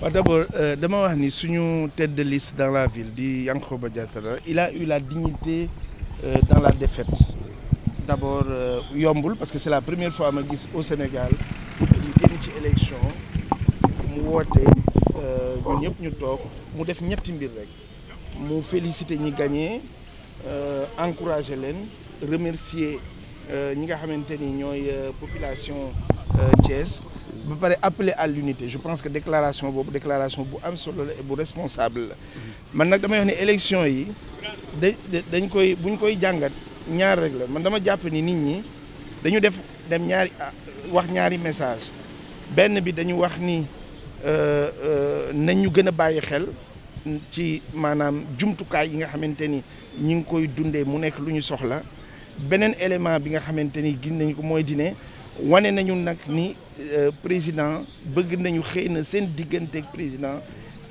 waa d'abord euh, dama wax ni suñu tête de liste dans la ville di Yankhoba Diattara il a eu la dignité euh, dans la défaite d'abord euh, yombul parce que c'est la première fois ma gis au Sénégal ñu génn ci élection mu woote ñun ñëpp ñu toog mu def ñetti mbir rek mu féliciter ñi gagné encourager leen remercier ñi nga xamante ni ñooy population Euh, Thiès ba pare appeler à l'unité je pense que déclaration boobu déclaration bu am solo la bu responsable la man nag damay wax ne élection yi da dañ koy buñ koy jàngat ñaar rek la man dama jàpp ni nit ñi dañu def dem ñaari ah, wax ñaari message benn bi dañu wax ni euh, euh, nañ ñu gën a bàyyi xel ci maanaam jumtukaay yi nga xamante ni ñi ngi koy dundee mu nekk lu ñu soxla beneen élément bi nga xamante ni gin nañ ko mooy dine wane nañu nag ni euh, président bëgg nañu xëy na seen diggante ak président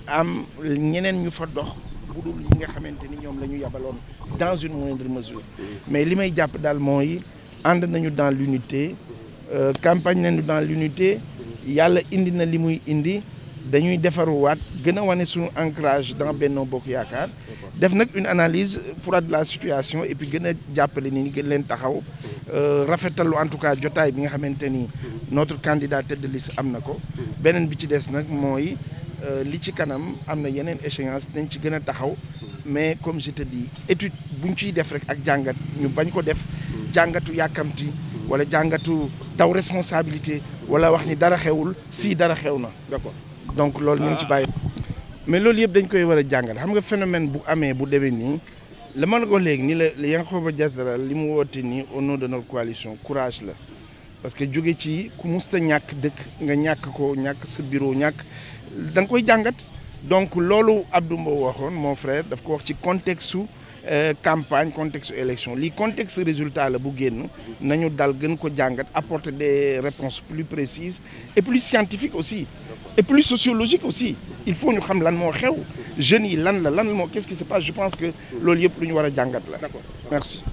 am ñeneen ñu fa dox bu dul nga xamante ni ñoom la ñu yabaloon dans une moindre mesure mais li may jàpp daal mooy ànd nañu dans l'unité euh, campagne nañu dans l'unité yàlla indi na li muy indi dañuy defaruwaat gën a wane suñu ancrage dans Benno Bokk Yaakaar def nag une analyse froide de la situation et puis gën a jàppale ni gën leen taxaw euh, rafetalu en tout cas jotaay bi nga xamante ni notre candidat tête de am na ko beneen bi ci des nag mooy euh, li ci kanam am na yeneen échéance dañ ci gën a taxaw mais comme je te dis étude buñ ciy def rek ak jàngat ñu bañ ko def jàngatu yàkkamti wala jàngatu taw responsabilité wala wax ni dara xewul si dara xew na donc loolu ñu ngi ci ah. bàyyi. mais loolu yëpp dañ koy war a jàngal xam nga phénomène bu amee bu demee nii la ma la ko léegi nii la Yankhoba Diattara li mu woote nii au nom de notre coalition la parce que jóge ci ku ñàkk dëkk nga ñàkk ko ñàkk sa bureau ñàkk da nga koy jàngat donc loolu Abdou Mbow waxoon mon frère daf ko wax ci contexte su euh, campagne contexte élection lii contexte résultat la bu génn nañu dal gën ko jàngat apporter des réponses plus précises et plus scientifiques aussi et plus sociologique aussi il faut ñu xam lan moo xew jeunes yi lan la lan moo qu'est-ce qui se passe je pense que loolu yëpp lu ñu war a jàngat la merci